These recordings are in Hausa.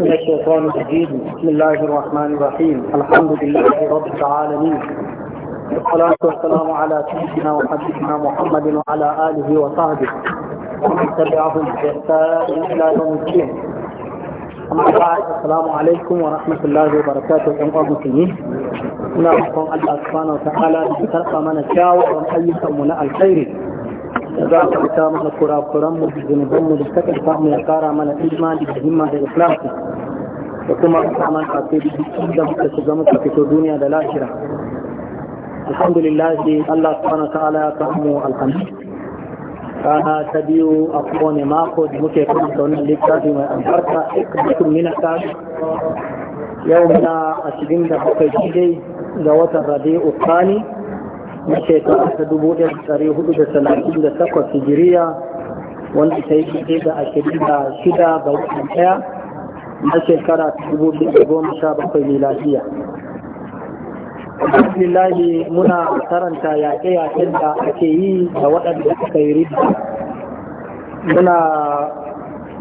من الشيطان الرجيم بسم الله الرحمن الرحيم الحمد لله رب العالمين والصلاة والسلام على سيدنا وحبيبنا محمد وعلى آله وصحبه ومن تبعهم بإحسان إلى يوم الدين أما بعد السلام عليكم ورحمة الله وبركاته أيها المسلمين نعم الله سبحانه وتعالى بترقى من الشاو ومن أيكم من الخير za a kuta mana kurakuranmu da zunubanmu da suka samu ya kara mana imani da himma da ikhlasi da kuma kusa mana kafin da duk da muka shiga muka fito duniya da lahira alhamdulillah Allah subhanahu ta'ala ya samu alhamdu kana ta biyu a kowane mako da muke kuma da wannan littafi mai albarka ikbatun min al yau na 27 ga watan rabi'u thani na shekara ta dubu ɗaya da tsari hudu da talatin da takwas hijiriya wanda ta yi fiye da ashirin da shida ga wata ɗaya na shekara ta dubu biyu da goma sha bakwai miladiya. Alhamdulillahi muna karanta yaƙe-yaƙen da ake yi da waɗanda suka yi riba. Muna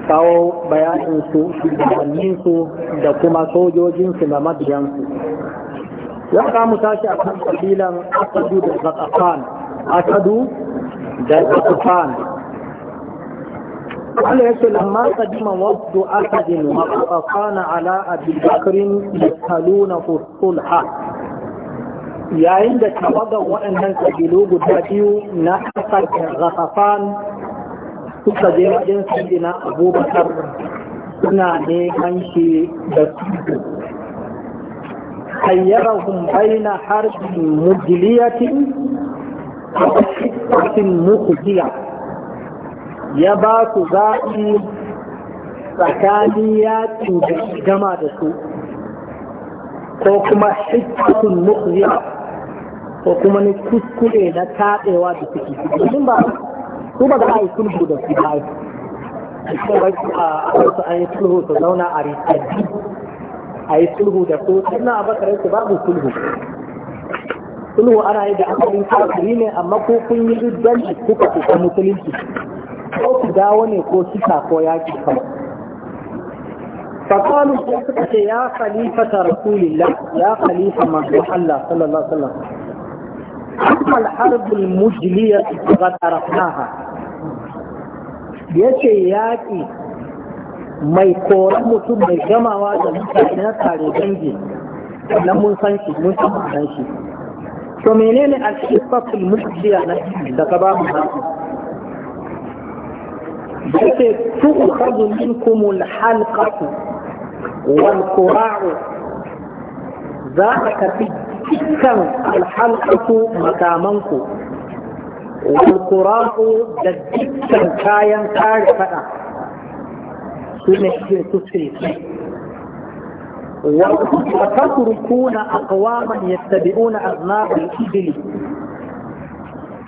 kawo bayaninsu, shugabanninsu da kuma sojojinsu da mabiyansu. ya kamu tashi a kan kabilan asadu da zakafan asadu da zakafan ya yake lamma kadima wasu asadin wa qafana ala da kaluna yasaluna ha yayin da tawagar waɗannan kabilu guda biyu na asad da zakafan suka je wajen na abubakar suna kan shi da su خيرهم بين حرب مجلية وحكمة مخزية يباك زائي سكانيات جمع دسو وكما حكمة مخزية وكما نتكسكولي نتاقي وادي سكي su ba za a yi sulhu da su bayan a cikin wasu a yi sulhu da su sannan abakar yake babu sulhu sulhu ana yi da asalin kafiri ne amma ko kun yi duddanci kuka kuka musulunci ko ku dawo ne ko kisa ko yaki kawai فقالوا يا خليفة رسول الله يا خليفة مصلح الله صلى الله عليه وسلم أما الحرب المجلية فقد عرفناها يشي mai koran mutum mai gamawa da mutane na tare dangi na mun san shi mun san shi to menene cikin ifatul mursiya na da ka ba mu yake min minkum al-halqatu wal qura'u za ka tafi dukkan al makamanku wal qura'u da dukkan kayan kare fada su ne ke kuskure wa aqwaman yattabi'una aznab al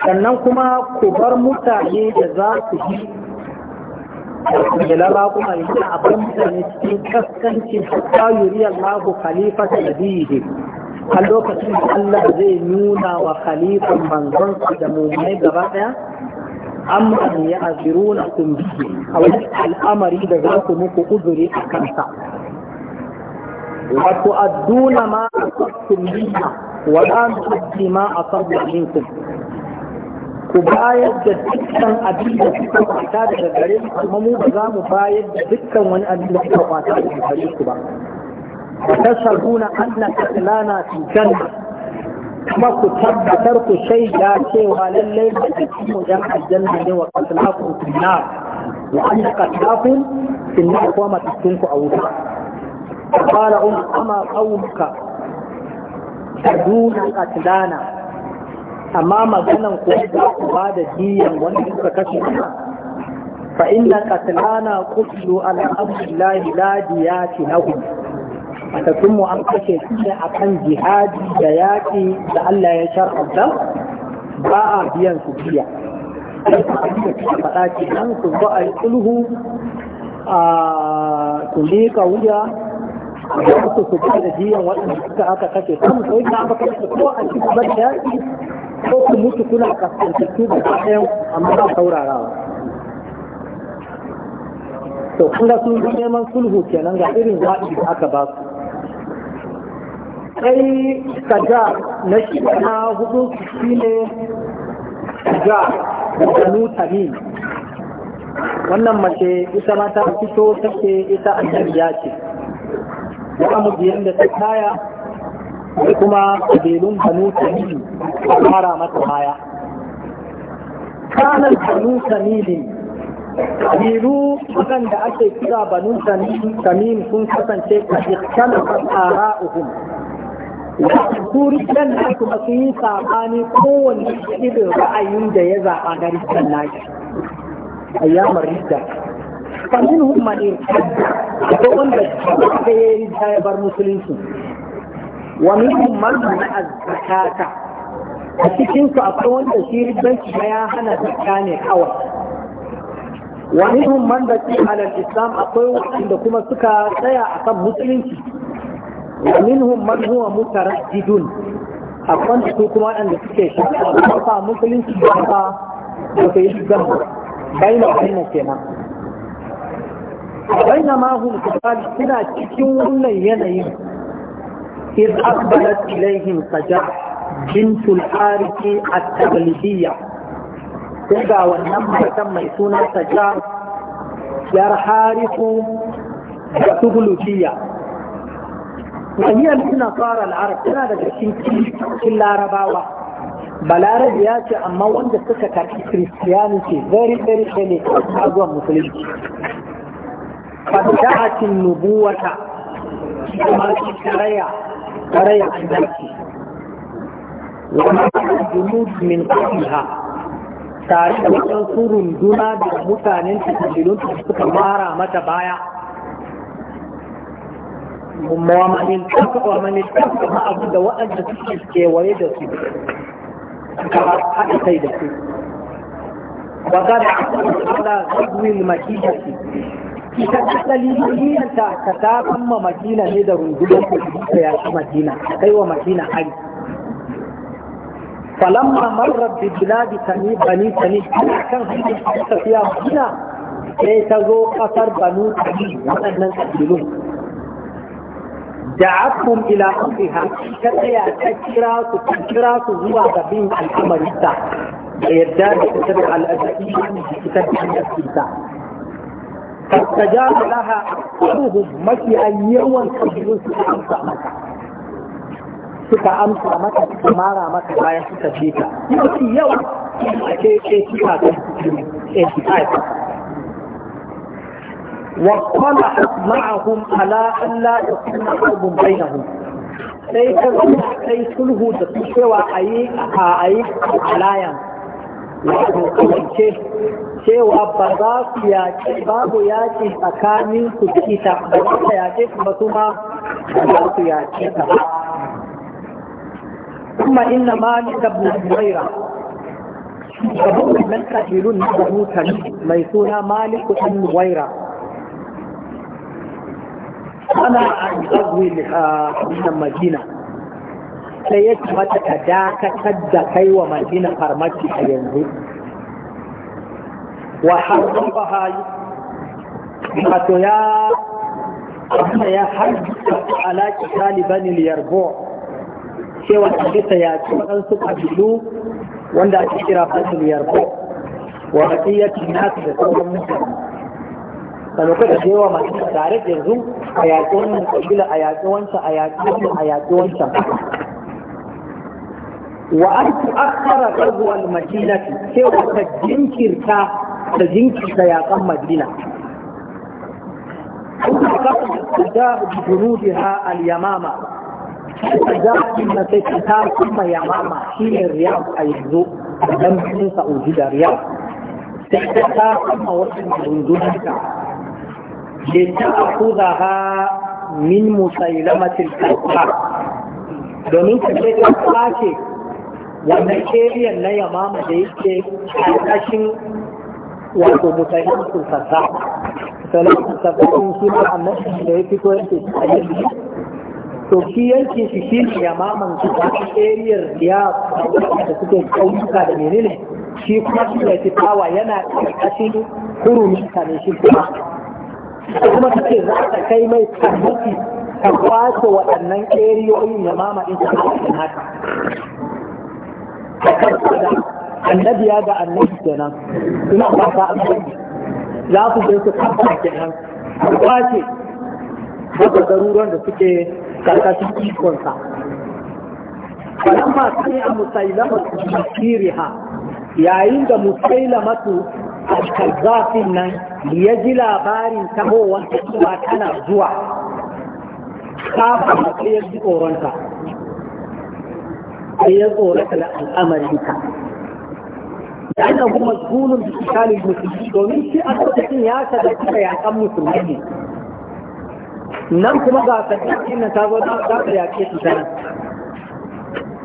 sannan kuma ku bar mutane da za su yi da larakuma yi a bar mutane cikin kaskancin hatta yuriya Allahu khalifata nabiyhi a lokacin da Allah zai nuna wa khalifan manzon da mummai gaba ɗaya? amran ya'zirunakum bihi aw al'amari da za ku muku uzuri a kansa wa tu'adduna ma asabtum biha wa la tu'addi ma asabna minkum ku bayar da dukkan abin da kuka kwata daga gare ku kuma mu ba za mu bayar da dukkan wani abin da kuka kwata daga gare ku ba wa tasabuna annaka lana fi jannah kuma ku tabbatar ku shaida cewa lallai da cikin mu dan aljanna ne wa qatlaqu finna wa an qatlaqu finna ko ma cikin ku a wuta qala um ama qawluka taduna qatlana amma maganan ku da ku ba da diyan wanda kuka kashe fa inna qatlana qutlu ala abdillahi la diyati lahum matattunmu an kashe su ne a kan jihadi da yaƙi da Allah ya shar'adda ba a biyan su biya faɗa ce an su zo a yi sulhu a su wuya da su su ba da biyan waɗanda suka aka kashe sun sai ta aka kashe ko a cikin ban da yaƙi ko ku mutu kuna kasantattu da ɗayan amma ba saurarawa to kun ga sun neman sulhu kenan ga irin zaɓi aka ba su sai kaja na shi na hudu shi ne kaja da nutami wannan mace ita ma ta fito take ita annabiya ce da biyan da ta kaya da kuma kabilun banu tamim a fara mata baya kanan banu tamimin kabilu da ake kira banu tamim sun kasance a ikkan a ra'uhum kuri dan na ba su yi sabani kowanne irin ra'ayin da ya zaɓa na rikin nashi ayyamar rikin famin humma ne da wanda da ya yi ya bar musulunci wa min humma na azzakata a cikinsu su akwai wanda shi ribanci ya hana zakka ne kawai Wani min humma da ke alal islam akwai wanda kuma suka tsaya akan musulunci wa minhum man huwa mutaraddidun akwai su kuma waɗanda suke shi ba musulunci ba ba da kai yi gamba baina baina kenan baina ma hum kafar suna cikin wannan yanayin إذ أقبلت إليهم فجاء بنت الحارث التغلبية تبع والنمر تم يسونا فجاء يا حارث وتغلبية wahiyar suna fara al'arab tana daga cikin larabawa balarabi ya ce amma wanda suka karɓi christianity very very very a zuwa musulunci fada'atin nubuwata kuma karaya karaya annabci wani junud min qabliha tare da waɗansu runduna da mutanen tafilinta suka mara mata baya ومن التقى ومن التقى ما أبد وأن تسجد كي ويدا حتى سيدا وقال على غزو المدينة ita asali duniyan ta ta kafan ma madina ne da rundunar da ya ci madina kai wa madina hari falamma marra bi biladi tani bani tani kan hanyar tafiya madina sai ta zo kasar banu tani waɗannan kabilun Da ila amriha ka tsaya ka kira su ka kira su zuwa ga bin al'amari ta da yadda da ita da al'adadi da ita da al'adadi ta فاستجاب لها أكثرهم مكي أن يوم تجلس أمسى suka amsa maka suka mara maka bayan suka ce yau yawanci yawan ake ce kika ga cikin 85 واطلعت معهم على أن لا يكون حرب بينهم sai ta zama kai sulhu da su cewa a yi a yi alayan wato kawance cewa ba za su yaƙi babu yaƙi tsakanin su da ba za su yaƙi su ba kuma ba su yaƙi ta kuma inna ma ni da buwaira gaban nan kabilun na da mutane mai suna maliku ɗan buwaira ana an azwi a madina sai ya ce mata ka dakatar da kai wa madina farmaki a yanzu wa harfafa hayi wato ya abinda ya harfafa alaƙi talibanin yarbo cewa a bisa ya ci waɗansu ƙabilu wanda ake kira fasil yarbo wa raƙiyyar nasu da sauran mutane da lokacin da yawa masu tare da yanzu a yaƙi wannan kabila a yaƙi wancan a yaƙi wannan a yaƙi wancan wa an tu'akhkhara qarbu al-madinati sai wata jinkirta da jinkirta yaƙan madina da junudiha al-yamama da inna sai ta kuma yamama shine riyad a yanzu dan sun sa'udi da riyad sai ta kuma wasu rundunarka لتأخذها من مسيلمة الكفار domin ka ce ta kwace wannan keriyar na yamama da yake ƙarƙashin wato musayin sulfasa musayin shi ne suna annabi da ya fito yake tsayin to shi yanki shi shi ne yamaman su ta keriyar ya da suke ƙauyuka da menene shi kuma shi ne fitawa yana ƙarƙashin kurumin ka shi kuma da kuma ta ce za ta kai mai tabbaki ta kwace waɗannan ƙeriyoyi ya mama ɗin ka haɗin haka ka karɓa da annabiya ga annabi kenan ina ba ta amfani za ku je su karɓa kenan ka kwace wata garuruwan da suke karkashin ikonsa falamma sai a musailamatu shiriha yayin da su alkazafin nan ya ji labarin tahowar ta cewa tana zuwa kafa da ya ji tsoronta sai ya tsorata da al'amarin Da yana kuma gulun da shi musulmi domin shi a lokacin ya ta da kuka yakan musulmi ne nan kuma ga sabbin nan ta zo za ta yake su tana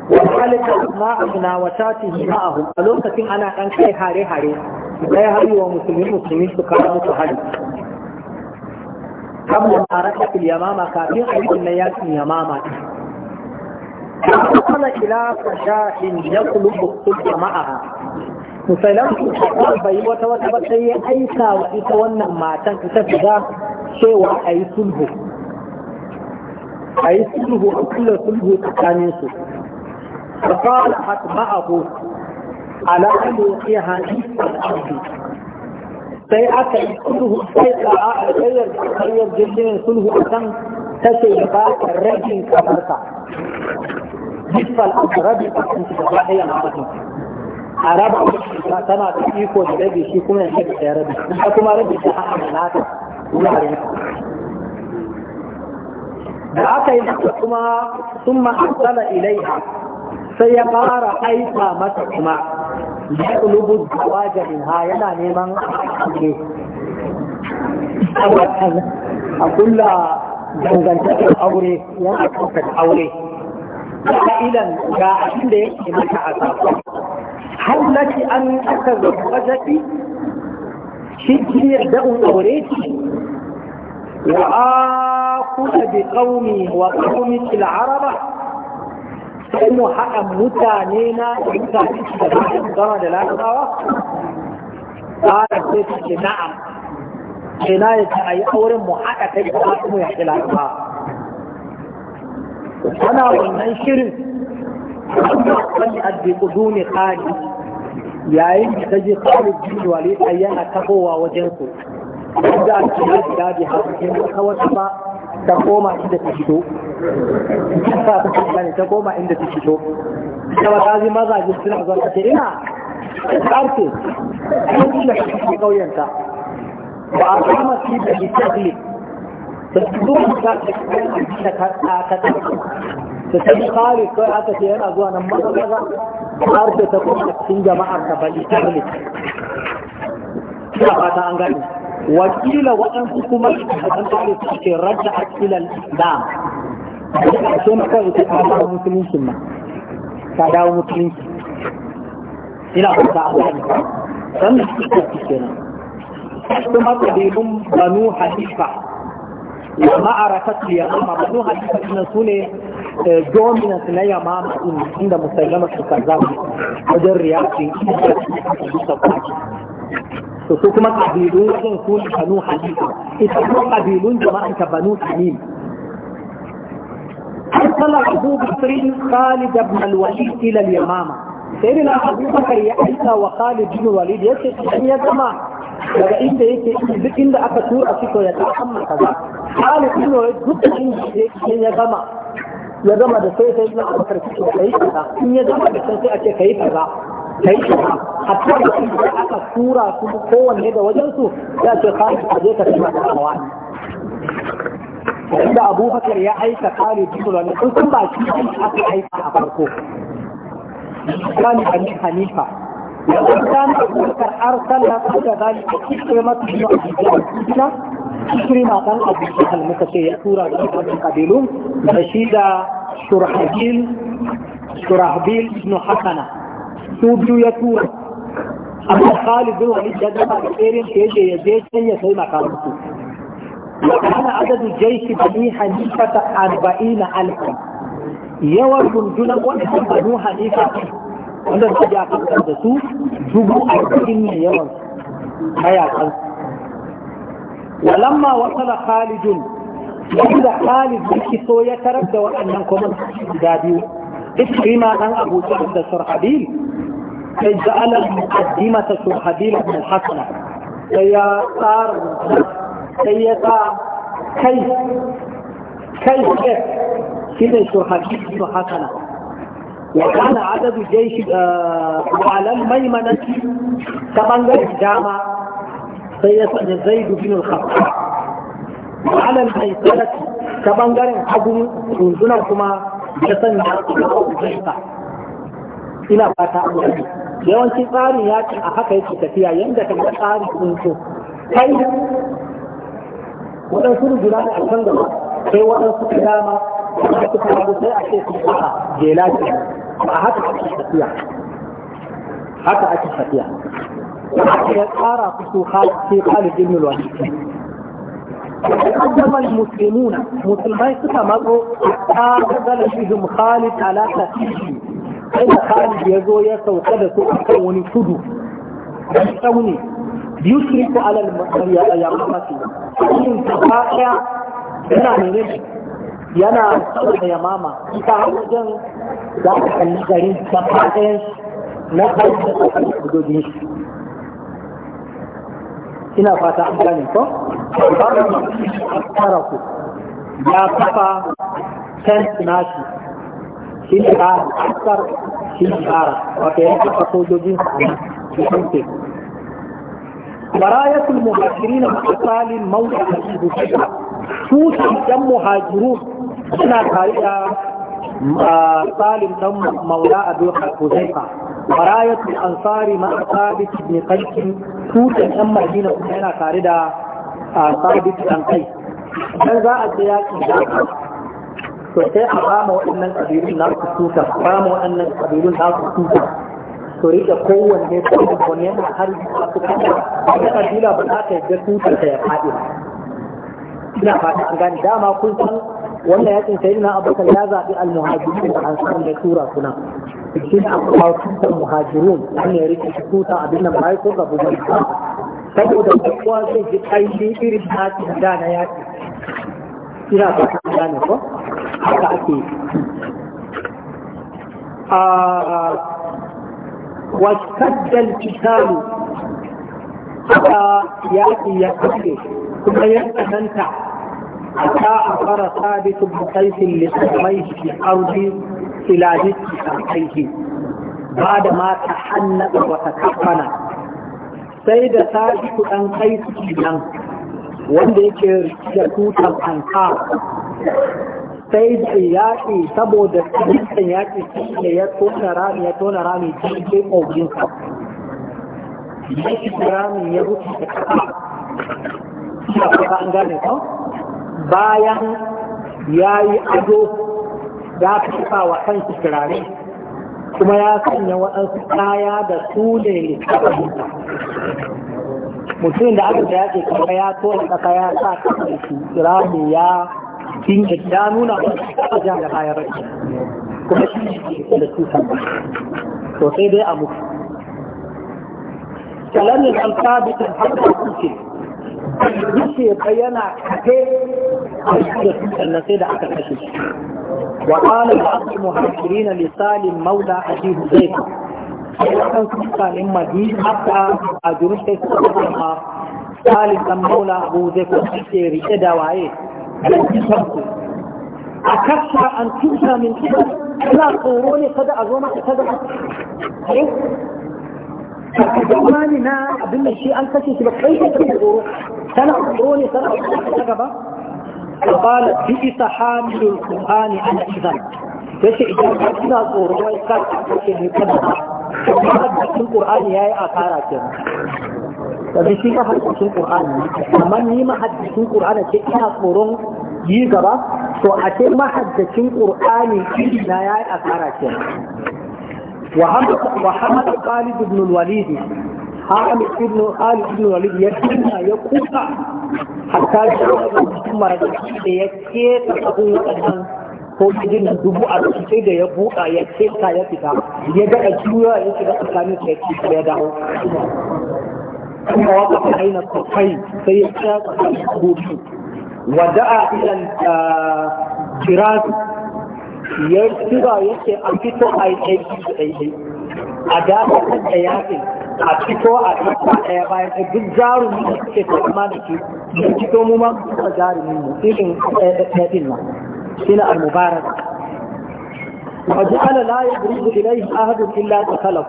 wa halika ma'a munawatatihi ma'ahum a lokacin ana ɗan kai hare-hare su kai wa musulmi musulmi su kawo musu hari kamar maraka fil yamama kafin a yi wannan yakin yamama وصل إلى فشاء يطلب الصلح معها مسلم bai wata wata ba sai ya aika wa ita wannan matan ita shiga cewa a yi sulhu a yi sulhu a kula sulhu tsakanin su da fara hatma'ahu ala an yuqiha sai aka yi sulhu sai a tsayar tsayar jirgin sulhu akan tace ya ba ka rajin kamarsa bisfal akrabi a kan shi gaba ɗaya na mutum a raba da da rabi shi kuma ya ya rabi ta kuma rabi ta da aka yi kuma sun ma'asala ilaiha sai ya fara aika masa kuma yaqlubu zawaja minha yana neman aure a kulla dangantakar aure yana ɗaukar aure fa'ilan ga abin da yake mata a zafi har laki an aka zaɓa zaɓi shi kiyar da'un aure ce wa a kuma bi ƙaumi wa ƙaumi kila araba sai mu haɗa mutane na da mutane da ba su zama da larabawa ƙara sai su ce na'am sai na yi a yi auren mu haɗa kai da ba mu yaƙi larabawa ana wannan shirin wani addi ƙuduni ƙari yayin da ta je kawai jiwa a yana tabowa wajen su wanda a cikin gadi har cikin ba ta koma inda ta fito ta ta koma ta koma inda ta fito ba ta ji suna zuwa ta ce ina karfe ko da shi fito kauyen ta ba a kama shi da shi ta su ta ta ta ta ta da ta yi kare kai aka ce yana zuwa nan maza maza har ta kuma cikin jama'ar ta bali ta ne ta fata an gani وكيل وانفسكم ان تعرفوا رجعت الى الاسلام ثم كانوا مسلمين ثم كانوا مسلمين الى ثم كانوا ثم قبيلهم بنو حنيفه ومعركة اليمامة بنو حنيفة آه، من سنة دومنة اليمامة عند مسلمة الكذاب ودر to su kuma kabilu wajen su ne banu hanifa ita kuma kabilun jama'an ta banu tamim أرسل أبو بكر خالد بن الوليد إلى اليمامة سيدنا أبو بكر يأتى وخالد بن الوليد يسأل يا جماعة daga inda yake duk inda aka tura shi ko ya ta amma kaza hali kuma duk inda yake ya gama ya gama da sai sai na Abubakar shi ko kai kaza in ya gama da sai a ce kai kaza kai a cikin da aka tura su kowanne da wajensu ya ce kai ka je ka tuna da wani inda abubakar ya aika kare dukkan wani sun ba shi aka aika a farko kani bani hanifa yanzu kan abubakar arsala su da zali a cikin masu yi a cikin Ikrima dan Abu kan muka ce ya tura da wannan kabilun da shi da Shurahbil Shurahbil ibn Hasana su biyu ya tura amma Khalid bin Walid da zama da tserin da yake ya je can ya taimaka musu وكان عدد جيش بني حنيفة أربعين ألفا yawan rundunar waɗannan banu hanifa wanda su ja kakar da su dubu arba'in ne yawan mayakan walamma wasala khalidun wanda khalid ya iso ya tarar da waɗannan kuma guda biyu ikrima dan abu da surhabil sai za'alar mukaddima ta su habila mai hasana ya tsara rusa sai ya sa kai kai shi shi ne su habila su hasana ya kana adadu jai shi da walar maimanaci ta bangare dama sai ya sanya zai dubinul hasana walar maimanaci ta bangaren hagu tunzunan kuma ya sanya su da kawai zai ina fata an yi yawanci tsarin ya a haka yake tafiya yadda ka ga tsari sun so kai waɗansu rujuna a can gaba sai waɗansu ta dama da suka faru sai a ce su a jela lafiya, a haka ake tafiya haka ake tafiya ya tsara su su halittu khalidin mulwani تقدم المسلمون مسلمين كما مضوا قال بل خالد على تفكيره sai da Khalid ya zo ya sauka da su akan wani tudu dan tsauni yusriku a al su. in ta daya yana ne yana da yamama ita wajen za ka kalli garin ta ɗayan na kai da gudodin shi ina fata an gane ko ba ku ya kafa tent nashi Sinta, Akar, Sinta, Oke, apa tuh jadi? Sinti. Baraya tuh muhajirin asalin mau jadi bukti. Susu jam muhajiru, mana kaya asalin jam maula adu kuzeka. Baraya tuh ansari masabi tibni kaki. Susu jam muhajirin mana kaya asabi tibni za a je ziyaki da'a to sai a ba waɗannan ƙabilun na su tuta a mu waɗannan ƙabilun na su tuta to rike kowanne kowanne wani yana har yi a su tuta wata ƙabila ba za ta yadda tutar ta ya faɗi ba. ina fata an gani. dama kun san wannan yakin sai na abokan ya zaɓi almuhajirin da an san da tura suna shi ne aka muhajirun an ya rike shi tuta abin nan bai ko ga bugun saboda kowa zai ji ƙarfi irin hakin da na yaƙi. ina fata an gane ko haka ake a wakaddal kitabu haka yaƙi ya kashe kuma ya tsananta a fara sabitin bukaitin littattafai shi arzi ila jiski sarkaihi ba da ma ta wata kafana sai da sabitu ɗan kai su nan wanda yake da tutar an sai da yaƙi saboda cikin yaƙi da ya tona rami ya tona rami cikin ƙoginsa yaƙi rami ya rufe da ƙasa ya kuka an gane ko bayan ya yi ado ya fi wa kan turare kuma ya sanya waɗansu kaya da su ne mutum da aka da yaƙi kuma ya tona ƙasa ya sa ƙasa da su rami ya تين إدامونا أجان لغاية رأي كم أشياء كلام الألقاب الحق الكل يشي بينا كيف أن سيد أكتشف وقال بعض المهاجرين لسالم مولى أبي هزيف أن سيدنا إما دين حتى أجرشت سالم مولى أبو هزيف وشيري إدواعيه a kasa an tuta min kisa ina tsoro ne kada a zo maka kada a ni na abin da shi an kashe shi ba kai ka kake tsoro tana tsoro ne kada a ta gaba قال بئس حامل القرآن على إذن yace idan ka ina tsoro wai ka kake ne kada ba da Qur'ani yayi asara kenan yanzu shi mahaddacin Qur'ani amma ni mahaddacin Qur'ani ce ina tsoron yi gaba to a ce mahaddacin Qur'ani na yayi asara ce wa Hamad Khalid ibn al-Walid Hamad ibn Khalid ibn al-Walid ya tuna ya kuka hatta shi mutum da ya ke ta abun wadannan ko nan dubu a sai da ya buɗa ya ta ya fita ya daga juya ya shiga tsakanin ya ya dawo ثم وقف بين الصفين فيخشى بوشه ودعا الى الجراز يرتضى يكي اكتو اي اي اي اي اداه الايادي اكتو اي اي اي اي بزار من اكتو مالكي يكتو مما بزار منه اذن اتنا سنة المبارك وجعل لا يبرز اليه احد الا تخلف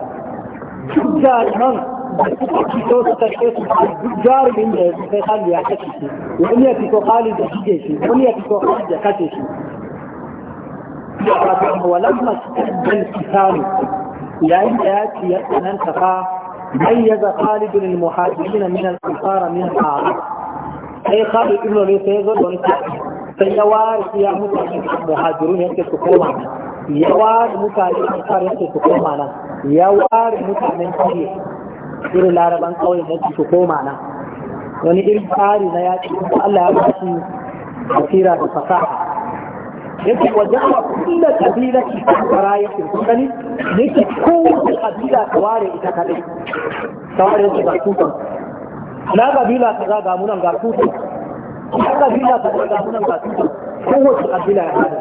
جزار منه جار من في خالي يحكيش وأمي في خالي تحكيش وأمي في خالي تحكيش ولما تحب الكتاب لأن يأتي أنان تفا ميز خالد للمحاجرين من الأنصار من الأعراب أي خالد ابن لي سيزر سيوار في أمك المحاجرون يكتب كوما يوار مكالي الأنصار يكتب كوما يوار مكالي الأنصار irin laraban kauye da su koma nan wani irin tsari na yaƙi ko Allah ya ba shi basira da fasaha yake wajen a kulla kabila ki kankara ya kirkani yake kowace kabila ta ware ita kaɗai ta ware su ga tutan na kabila ta za ga munan ga tutan na kabila ta za ga munan ga tutan kowace kabila ya haɗa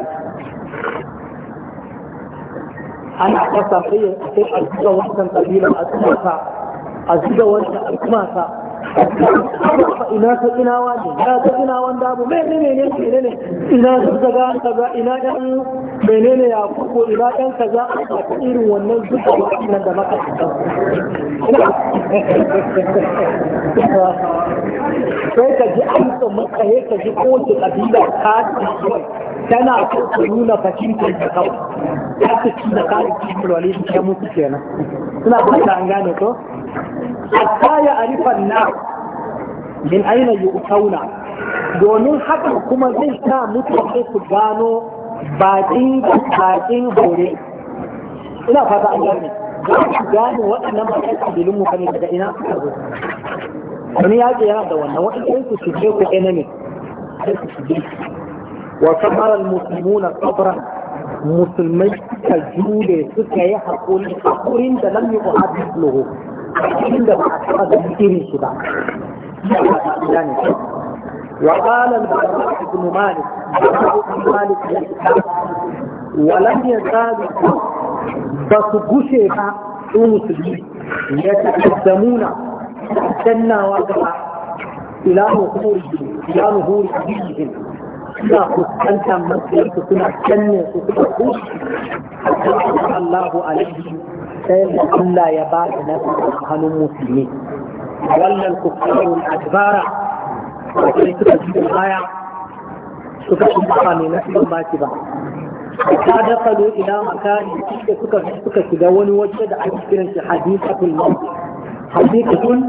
ana kasa sai a cikin al'ummar wancan kabilan a cikin a zuga wanda a kuma sa ina ta ina wani ya ta ina wanda abu mai ne ne ne ne ina zuga ga kaza ina dan mai ne ya kuku ina dan kaza a irin wannan duka wannan da maka sai ka ji an so maka ka ji kowace ƙabila ta kabila ka tana so ta nuna fashin ta kawai ta ci da ka ci mulwali ta mutu kenan suna ta an gane to hatta a arifan na min aina ukauna, domin haka kuma zai sa mutane su gano bakin bakin hore ina fata an gane gane waɗannan bakin kabilin mu ne daga ina suka zo wani yaƙi yana da wannan waɗannan su shige ku enemy sai su shige wa sabara almuslimuna tsofara musulmai suka jure suka yi haƙuri haƙurin da ko yu'addu lahu inda ba a taɓa irin shi ba وقال البراء بن مالك بن مالك ولم يزال بسجوشي با المسلمين يتقدمون سنا وقفة إلى نهورهم إلى نهور أبيهم suna انت من سنه suna canne su suka kushe sai da Allah ya ba da nasara a hannun musulmi wannan kufurin adbara da kai suka ji baya suka ci ba mai nasarar ba ba ta dakalo ila makani da suka suka shiga wani waje da ake kiran shi hadisatul maut hadisatul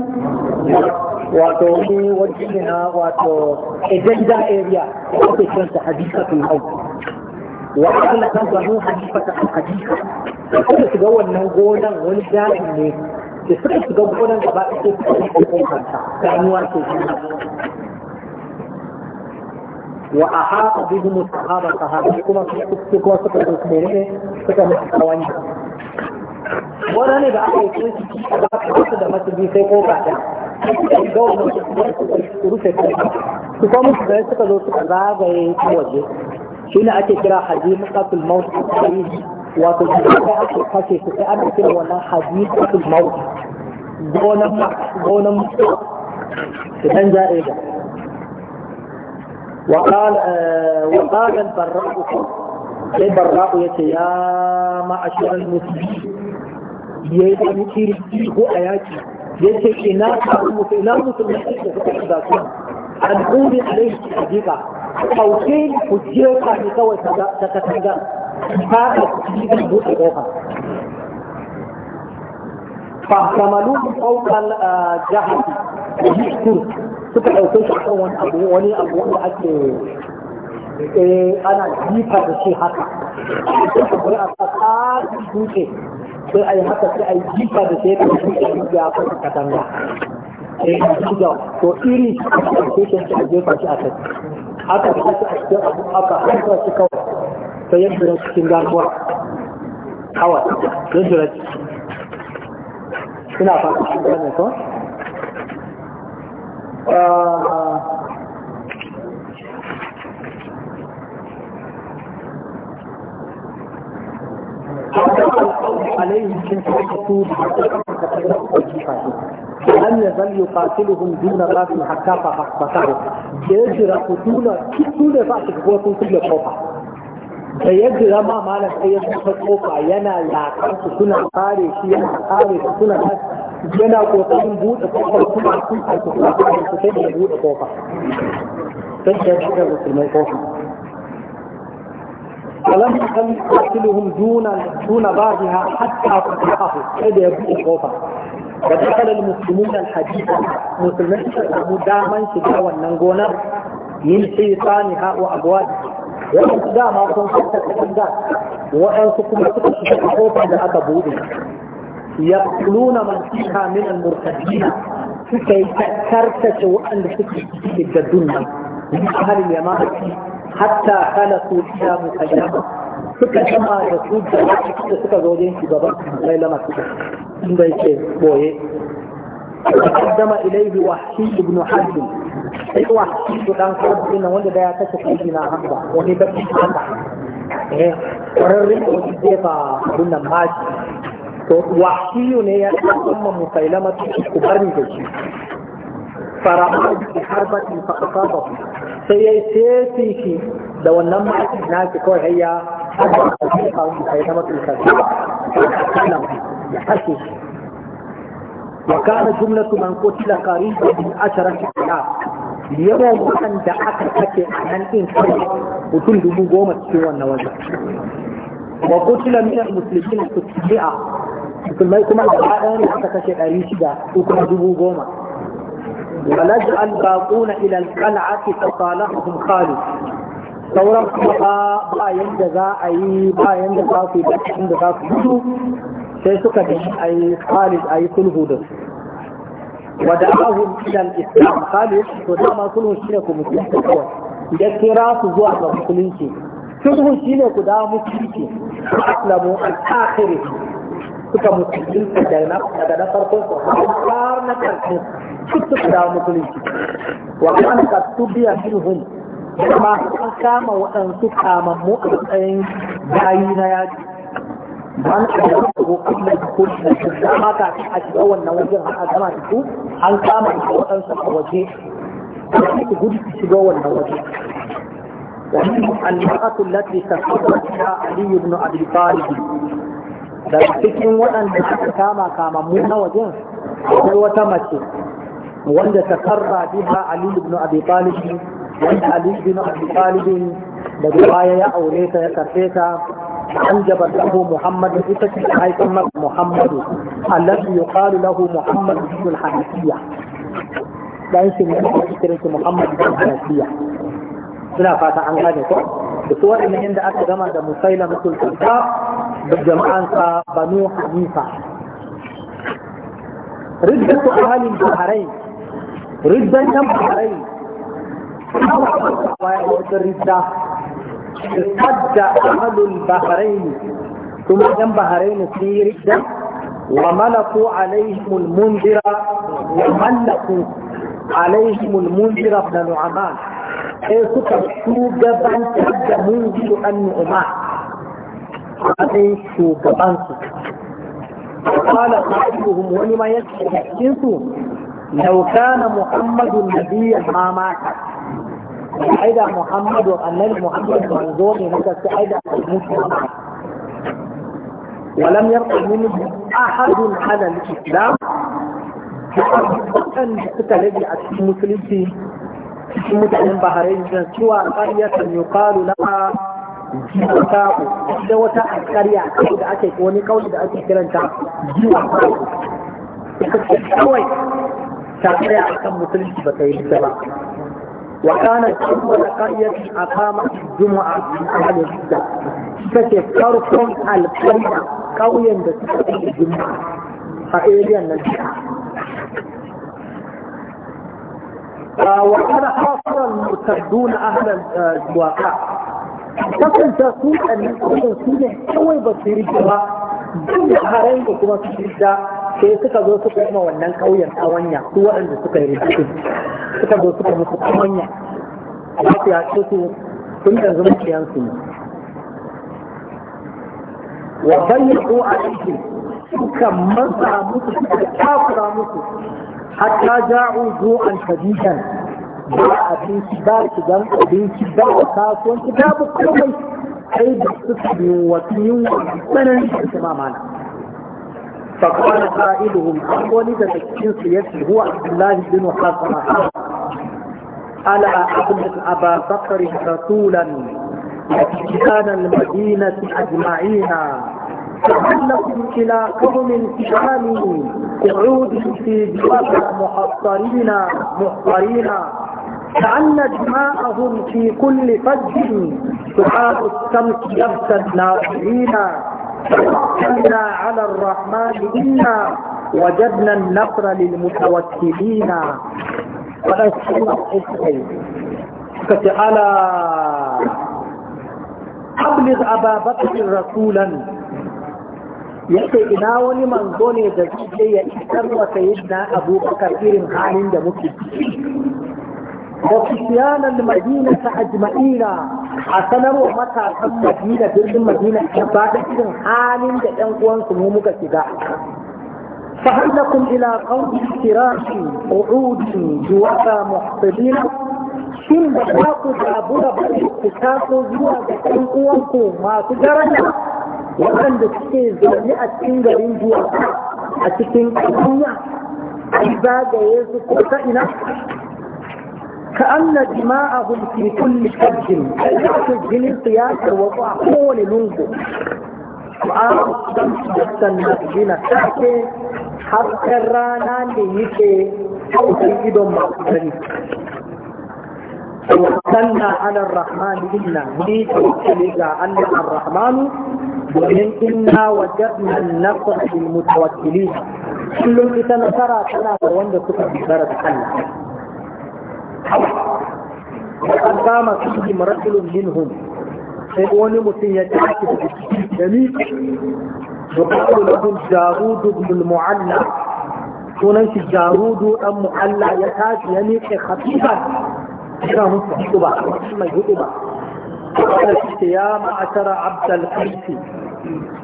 wato wani waje ne na wato agenda area da ake kiran shi hadisatul maut wa akalla kan gano hadisata al-hadisa da suka shiga wannan gonan wani jami'in ne da suka shiga gonan gaba ɗaya sai suka shiga kofanta ganuwa ke juna wa a haka bihim sahaba sahaba kuma su kuma suka zo su ne suka musu kawani wannan ne da aka yi kuma su ba ka wasu da masu bi sai ko ba ɗaya suka shiga wannan su rufe kofanta su kuma musu da suka zo suka zagaye waje shi ne ake kira hadimatul maut a tarihi wato da ake kashe su sai ana kira wannan hadisatul maut gonan gonan mutuwa idan za a وقال وقال البراء sai barra'u ya ce ya ma'ashirar musulmi ya yi wani kirki ko a yaki ya ce ina musulmi ina musulmi da suka yi da su al'ummi alaihi hakika kauke ku jefa ni kawai ta katanga fada kuɗi zai buɗe ƙofa fahamalu ɗaukar jahati da suka shi kan wani abu wani abu ake ana jifa da shi haka suka bari a tsaka dutse sai a haka sai jifa da shi shi ya fasa katanga to iri a shi a jefa shi a kai haka shi a cikin abu haka haka shi kawai sai ya jira cikin gaguwa kawai ya jira suna fata لم يزل يقاتلهم دون الراس حتى فقط يجرى قتولا كل فاتك هو كل فوقه da yadda zama malam sai ya buɗe kofa yana yakar su suna kare shi yana kare su suna yana kokarin buɗe kofar suna sun aiki suna kare su sai da buɗe kofa sai da buɗe musulmai kofa فلم يكن يقتلهم دون دون بعضها حتى فتحه كده يبقوا خوفا ودخل المسلمون الحديث مسلمين دائما شجاع والنغونا من حيطانها وابوابها wannan dama sun hatta cikin da waɗansu kuma suka shiga kofar da aka buɗe yaquluna man fiha min al-murtadin suka yi karkace waɗanda suke cikin da dunna min ahli yamani hatta khalasu ila mukayyama suka kama da su da suka zo wajen shugaban sai lama suka inda yake boye تقدم إليه وحشي بن حزم وحشي بن حزم وانت دا يتشك إلينا حمزة وهي بكي حمزة ƙwararrin jefa abin maji to wahshiyu ne ya ɗaukama musailama ku barni da yi shi da wannan maji na ya وكان جملة من قتل قريبا من عشرة آلاف yawan waɗanda aka kake a nan ɗin kai mutum dubu goma cikin wannan wajen wa kutila min al-muslimin tusbi'a musulmai kuma da ɗaya kashe ɗari shida ko kuma dubu goma الباقون إلى القلعة فصالحهم خالد sauran kuma ba yanda za a yi ba yanda za su yi da za su sai suka bi a yi khalid a yi sulhu da su wadda ahun idan islam khalid to dama sulhu shine ku musulunci kawai ya kira su zuwa ga musulunci sulhu shi ne ku dawo musulunci aslamu al-akhiri suka musulunci daga na farkon su har na karshen su suka dawo musulunci wa an ka tubiya minhum kuma an kama waɗansu kamammu a matsayin bayi na yaji an kama ko kuma ko shi da ma ka a shiga wannan wajen a gama da su an kama da waɗansu a waje su gudu su shiga wannan waje ومنهم المرأة التي تسرت بها علي بن أبي طالب Da cikin waɗanda suka kama mu na wajen sai wata mace wanda ta karra biha Ali ibn Abi Talib wanda Ali ibn Abi Talib daga baya ya aure ta ya karfe ta أنجبت له محمد إتك محمد الذي يقال له محمد بن الحنفية لا يمكن أن محمد بن الحنفية fata an gane ko da su inda aka gama da musaila mutul da banu hanifa riddan su ahalin buharai riddan ya ridda اصطد أحد البحرين ثم جنب بحرين في رده وملقوا عليهم المنذرة وملقوا عليهم المنذر بن نعمان اي سكا شوكا بان تبدا منذر ان نعمان اي شوكا بان قال قائلهم ولم يشكي لو كان محمد النبي ما مات سعيدة محمد وأنني محمد منظور لك سعيدة محمد ولم يرقب منه أحد على الإسلام أن تتلقي المسلم في مدعي البحرين سوى قرية يقال لها جيوتاو سوى قرية قول أتك وكانت أول قرية أقامت الجمعة من أهل الردة فتفكركم القرية قويا بسبب الجمعة فإيليا للجمعة وكان حاصرا المرتدون أهل الواقع kasan ta su ɗan nan kusan su ne kawai ba su yi ba duk da harayin da kuma su da sai suka zo suka yi wannan ƙauyen ƙawanya su waɗanda suka yi rikici suka zo suka musu ƙawanya za ya ce su sun yanzu zumunci ne wa ko a ciki suka matsa musu suka takura musu hatta ja'u an shadidan ba abinci ba shigan abinci ba kasuwanci ba komai sai da suka yi wa yin wa tsananin da su mamana فقال قائلهم ولد ذلك سيدي هو عبد الله بن حزرة ألا أخلق أبا بكر رسولا كان المدينة أجمعين تعلقوا إلى قوم كانوا قعود في جواب محصرين محصرين كأن دماءهم في كل فج سحاب السمك يبسى الناظرين توكلنا على الرحمن إنا وجدنا النصر للمتوكلين ولا فتعالى أبلغ أبا بكر رسولا يسيدنا ولمن ظن يجزيك يا إسر وسيدنا أبو بكر إرم حالين دمكي وفتيان المدينة أجمعين حسنر ومتى كان مدينة في المدينة بعد إذن حال ينقوان سمومك كذا فهل لكم إلى قول فراش قعود جوافا محصلين shin da za ku dabu da bari ku taso zuwa ga ɗan uwanku masu daraja waɗanda suke zaune a cikin garin zuwa a cikin ƙasanya a zagaye su ko ina كأن دماءهم في كل شج يعطي الجنين قياسا وضع طول لنجو سؤال الشمس والسنة جنة تأتي حتى الرانا ليكي أو سيدهم مقبلين وصلنا على الرحمن إنا نيت إلى أن الرحمن ومن إنا وجدنا النصر للمتوكلين كل إذا نصرى تنا وند سكر بشارة الله an kama fihi marajulun minhum sai wani mutum ya tashi da jami da kuma lahum jarudu bil sunan shi jarudu dan mu'alla ya tashi ya miƙe khatiban ina musu hutuba mai hutuba ya ma'ashara abdul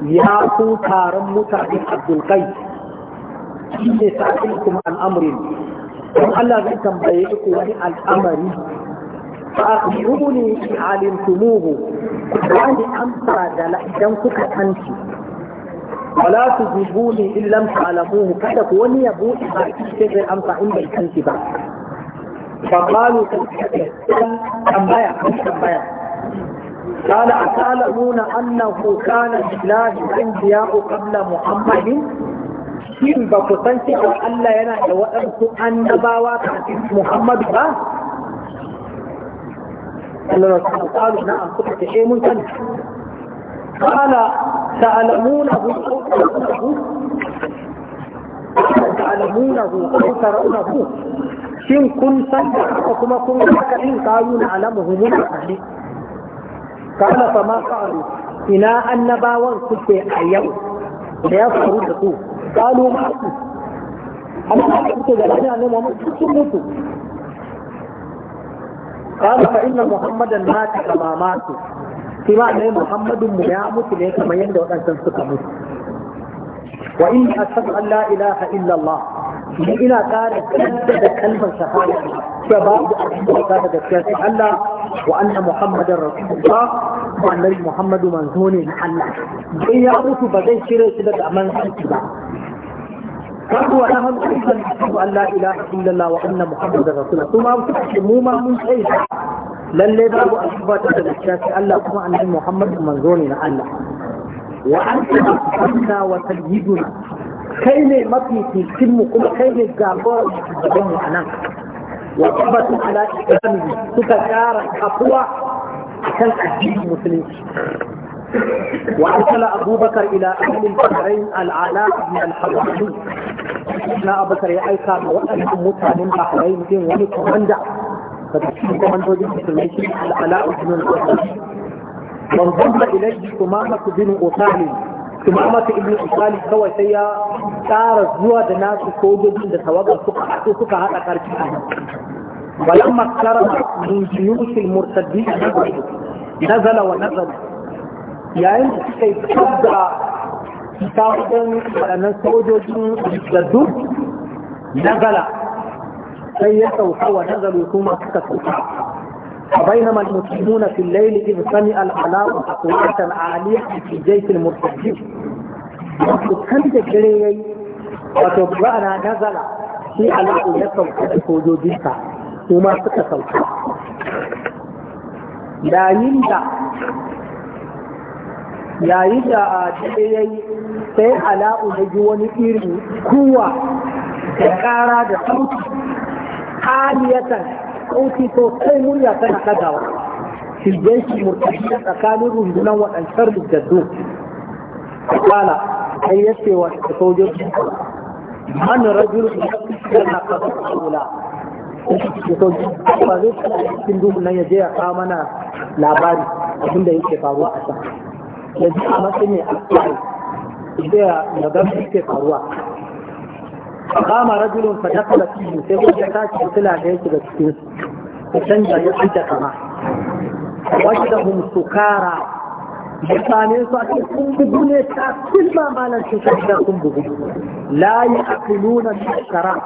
ya ku taron mutane abdul qaisi ne sa'ilkum an don Allah zai tambaye ku wani al'amari Ba fa akhbiruni in alimtumuhu wani amsa da idan kuka sanci wala tujibuni in lam ta'lamuhu kada ku wani yabo ba ki zai amsa in bai sanci ba فقالوا تنبيا تنبيا قال أتعلمون أنه كان لله أنبياء قبل محمد shin ba ku san cewa Allah yana da waɗansu annabawa kafin Muhammadu ba Allah ta tsaro na an kuka ta mun kan قال تعلمونه أو ترونه تعلمونه أو ترونه shin kun san da kuma kun haka in kayu na alamuhu mun ahli kana fa ma fa'alu ina annabawan suke a yau da ya faru da su kalu ma'aku amma aka fito da lafiya ne Muhammad sun mutu قال فإن محمدا مات كما مات كما أن محمد ميامت ليك ما يندو أن تنسك موت وإني أشهد أن لا إله إلا الله ni ina ƙara da kalmar shahada da babu abin da ta gaskiya sai Allah wa anna muhammadar rasulullah wa annabi muhammadu manzo ne na Allah sai ya mutu ba zai cire shi daga manzanci ba فهو لهم ايضا يشهد ان لا اله الا الله وان محمدا رسول الله ثم امسكتموا ما من شيء لن يذهبوا اثبات الاشياء الا كما ان محمد منزول الى الله وانت ربنا وسيدنا kai ne mafi cikin mu kuma kai ne gabar gaban mu anan wa tabbatu ala islami suka kara kafuwa akan addinin musulunci وأرسل أبو بكر إلى أهل البحرين العلاء بن الحضرمي na abu ya aika ma waɗannan mutanen bahrain din wani komanda daga cikin komandojin musulmai shi al'ala ibn al-qasas man zamba ilayhi kumama bin utali tumamata ibn usali kawai sai ya tsara zuwa da nasu sojojin da tawagar suka suka haɗa ƙarfi a nan bayan makarar min jiyushil murtaddi nazala wa nazala yayin da suka yi tabba ta wajen waɗannan sojojin da duk nazala sai ya sauka wa nazalu kuma suka sauka فبينما المسلمون في الليل إذ سمع العلاء أقوية عالية في جيش المرتدين وكان تجري وتبرأنا نزل في علاء يسوع وجودك وما تكسوك لا يندع yayi da a daɗe ya yi sai ala'u na ji wani irin kuwa da ƙara da sauti haliyatan sauti sosai murya tana ɗagawa shirgen shi murtashi tsakanin rundunan waɗancan rujaddu kala sai ya ce wa sojojin man rajul yana kasa kula ba zai tsaya cikin duhun nan ya je ya kawo mana labari abinda yake faruwa a can yanzu a matsayin ne a tsari ya magana yake faruwa فقام رجل فدخل فيه مسجد يكاك يطلع ليس بكتنس وشنجا يحجة كما وجدهم سكارى يسانين سأكل كم بدوني تأكل مالا شكرا كم لا يأكلون الشراء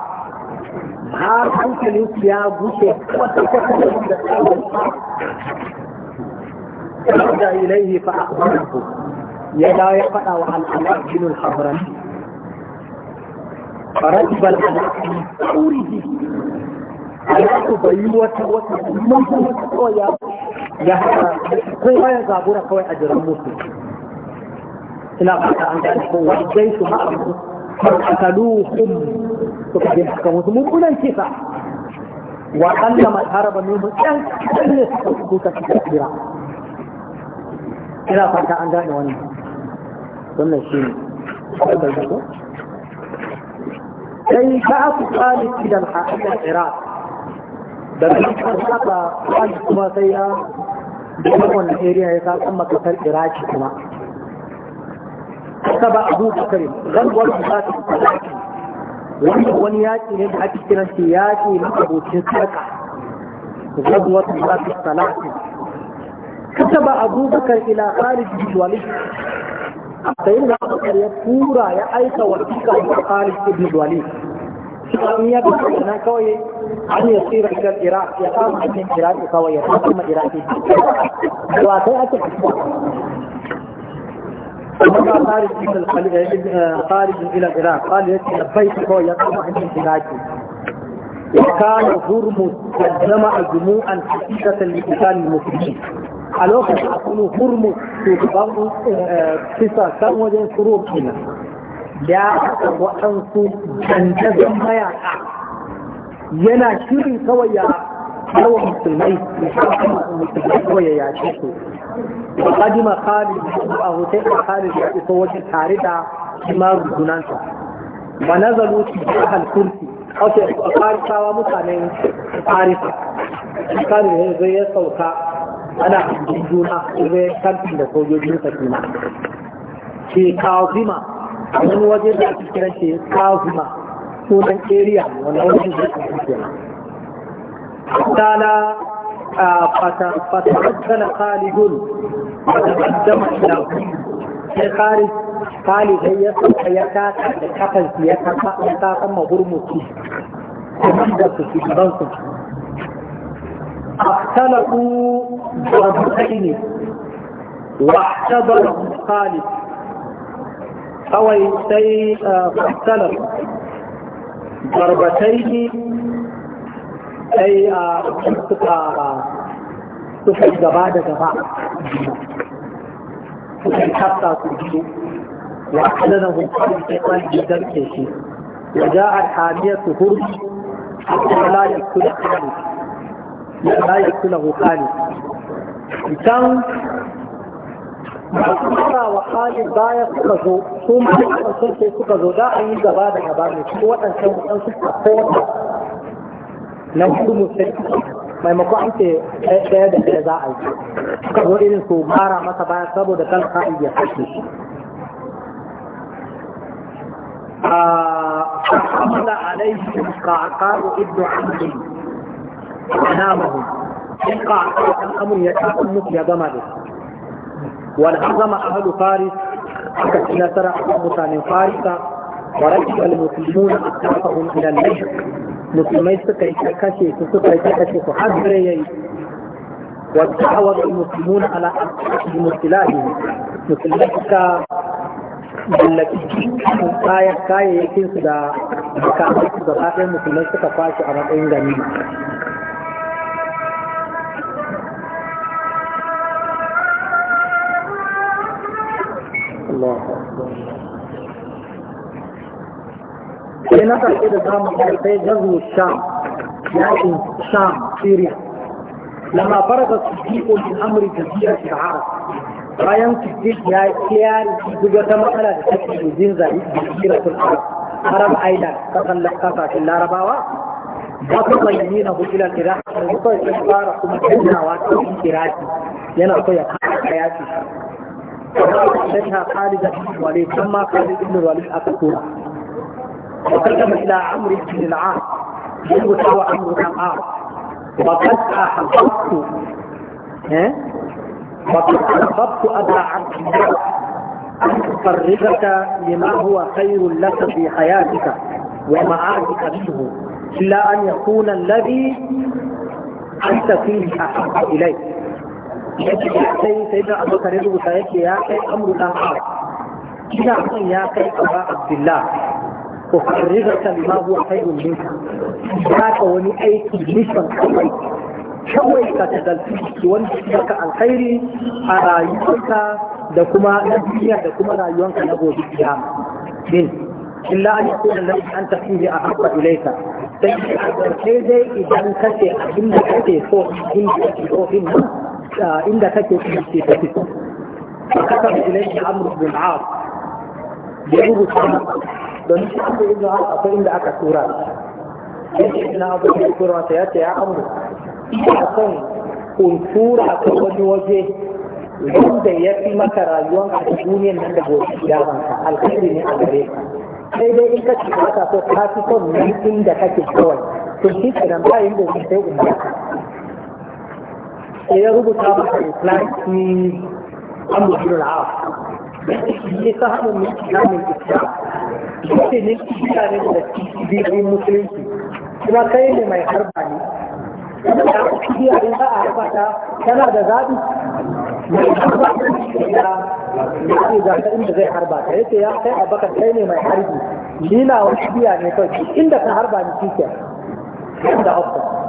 ما كنت لنسيا بوشي وتكتل من الشراء إليه فأخبره يدا يقرأ a رجب الحديث a alaƙu bai yi wata wata mutu wata kawai ya ya haka kowa ya zabura kawai a jiran musu ina fata an gani ko wani dai su ma'a mutu fakaluhum su kaje haka mutu mummunan kisa wa Allah ma haraba min mu ɗan ɗan ne suka kuka suka kira ina fata an gane wani wannan shi ne sai ka su khalid idan hakan iraq da kan haka khalid kuma sai ya da wannan area ya ka kan makasar iraki kuma haka ba abu bakari zan wani bukatu wani wani yaki ne da ake kiran shi yaki na abokin sarka zabuwar bukatu talatin كتب أبو بكر إلى خالد بن الوليد sai na bakar ya tura ya aika wa kika da Khalid ibn Walid shi an ya ga na kawai an ya tsira ga Iraq ya kama cikin Iraq kawai ya kama Iraq to sai aka فلما خارج من خارج الى العراق قال يأتي لبيتك ويقام عند انتهاكي وكان هرمز قد جمع جموعا حقيقة لقتال المسلمين a lokacin a kuma hurmu shugaban eh, kisa san wajen shuru kina ya waɗansu dandazon mayaka yana shirin kawai ya yawan musulmai musulmai kawai ya yace su kadima khalid a hotel da khalid ya iso wajen tare da kimar rukunansa ba na zalo su jihar halkurki ake farisawa mutanen farisa zai ya sauka ana cikin juna zai kantin da sojojin sa kima ke a wani waje da ake kiran ke kawzima sunan area wani wajen da ake kiran na فتبدل خالد فتقدم da sai kari kali sai ya saka ya taka da kafansu ya kafa a taka mahurmuki da su shugaban su اختلقوا ربطين واحتضر خالد فويتي اختلق ضربتين اي اختلقا تفجد بعد جفاء تفجد حتى وأحلنه قال جدًا كيشي وجاء الحامية هرب حتى لا يكون خالد la yaqulu khali idan ba wa hali baya suka zo su ma sun sai suka zo da an yi gaba da gaba ne su waɗancan waɗan suka kota na hudu musai. maimakon an ce ɗaya da ɗaya za a yi suka zo irin su mara masa baya saboda kan ka iya kashe shi a kamala alaihi qaqa'u ibnu abdullah أنامهم يقع الأمر يتعمق يا جماعة وانهزم أهل فارس حتى ترى أمتا من فارس ورجع المسلمون أطرافهم إلى الليل مسلمين سكا يتكشي سكا يتكشي حذر يي وتعود المسلمون على أطرافهم سلاحهم مسلمين سكا mallaki kayan kayayyakin su da kayan su da kayan musulmai suka fashi a matsayin ganima الله أكبر هناك أكيد الزرام الحرفية جزو الشام يعني الشام سيريا لما فرض صديقه من أمر جزيرة العرب رأيان تجد يا إخيار بجوة مقالة تكتب جنزة جزيرة العرب عرب أيضا تقل لقصة كلا رباوة بطل يمينه إلى الإراحة وطل إخبارة من جنة واتفين إراحة ينا أطيب حياتي وكانها خالد الوليد لما خالد بن الوليد أتكون وقدم إلى عمرو بن العاص يلوث عمرو بن العاص وقد أحببت وقد أحببت أبا عبد الله أن تفرغك لما هو خير لك في حياتك ومعادك منه إلا أن يكون الذي أنت فيه أحب إليك yake ya kai sai da abokan ya rubuta yake ya kai Amurka dan har ina son ya kai aba abdullah ko karriga ta lima huwa khairun minka ya ka wani aiki mission kawai kawai ka ta dalci wanda ya ka alkhairi a rayuwarka da kuma na duniya da kuma rayuwarka na gobe kiyama din illa an yakuna laka an tafi ne a habba ilayka sai dai idan kace abin da kake so in kake so in inda kake ce ta fito فكتب إليه عمرو da العاص يجوز don shi an da izinin akwai inda aka tura shi na abu da tura wata ya ce ya amur ina kan kuntura ta wani waje wanda ya fi maka rayuwar a duniyar nan da gobe damanka alkhairi ne a gare ka sai dai in ka ci ka so ka fi son nan inda kake kawai to shi ke nan bayan da sai umar sai ya rubuta masa islami amur bin al'af ne sa haɗin mai islamin islam yake ne kira ne da cibiyoyin musulunci kuma kai ne mai harba ne da cibiya ne za a harba ta tana da zaɓi mai harba ya ce ga ta inda zai harba ta yake ya kai abakar kai ne mai harbi lila wani cibiya ne kawai inda ka harba ni shi ke da hafta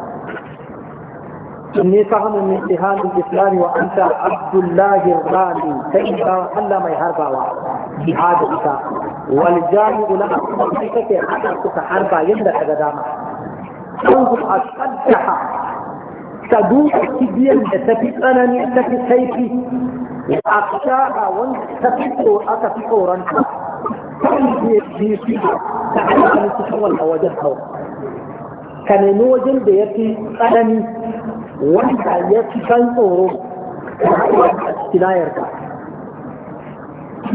إني فهم من اتهام الإسلام وأنت عبد الله الرامي فإذا ألا ما يهربا جهادك والجاهد لك كيف حدثك حربا يملك قدامك انظر أشدها تدور كبيرا تفي ثمن تفي سيفي وأخشاها وانت تفي أتفي أورانك تفي فيها تعلم أن تتولى وجهها كان وجه بيتي ألمي wanda ya fi kan tsoro kinayarka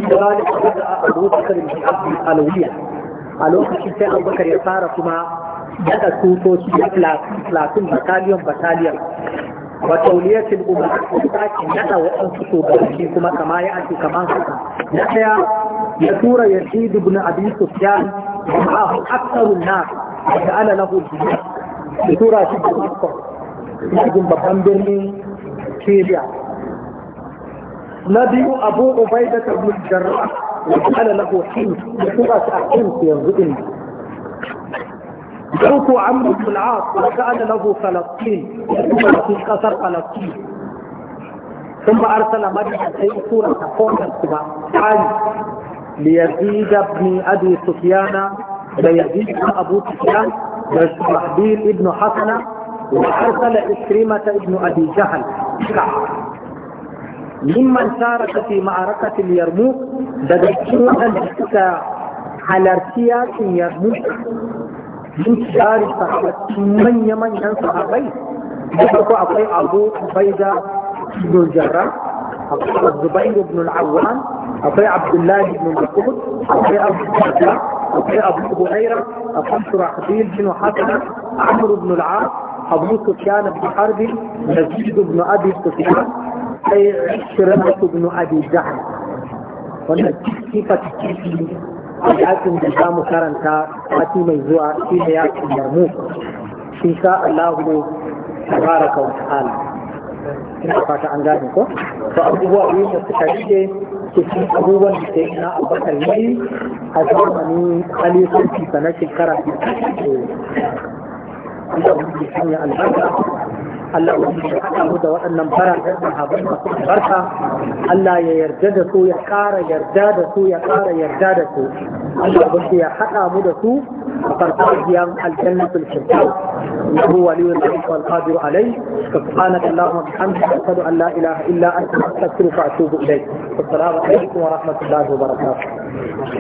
da wani da abu bakar al'uliya a lokacin sai abu bakar ya fara kuma daga tutoci da platin battalion battalion wa tauliyatul umma sake nada waɗansu shugabanni kuma kama ya ake kaman haka na ɗaya ya tura yazid ibn abi sufyan wa aktharun na da ala lahu ya tura shi da ina jin babban birnin Syria na biyu Abu وقال له حين بصورة أحسن في الرئيس جوت عمرو بن العاص وقال له فلسطين في قصر فلسطين ثم أرسل مريم أي سورة تقول السماء علي ليزيد بن أبي سفيان ليزيد بن أبو سفيان وشرحبيل بن حسنة وأرسل إكرمة بن أبي جهل ممن شارك في معركة اليرموك بدات أن على ارتياح اليرموك من شارك صحابة من يمن ينصح صحابي يحبوا أبي أبو عبيدة بن الجراح أبو الزبير بن العوام أبي عبد الله بن مسعود أبي أبو أبي أبو هريرة أبو شرحبيل بن حسن عمرو بن العاص أبو سفيان بن حرب يزيد بن أبي سفيان أي سرمة بن أبي جهل وأن كيف تكفي حياتي من الإسلام كرنتا أتي ميزوع في حياتي مرموك إن شاء الله تبارك وتعالى ina fata an gane ko to abubuwa yi da suka rike su ci abubuwan da ke ina a Allah ubangiji ya sanya albarka Allah ubangiji ya haɗa mu da waɗannan fararen sahabbai masu Allah ya yarda da su ya ƙara yarda da su ya ƙara yarda da su Allah ubangiji ya haɗa mu da su a farfajiyar aljannatul firdaus lahu waliyul mulk wal qadir alayh subhanaka allahumma bihamdika ashhadu an la ilaha illa anta astaghfiruka wa atubu ilayk assalamu alaikum wa rahmatullahi wa barakatuh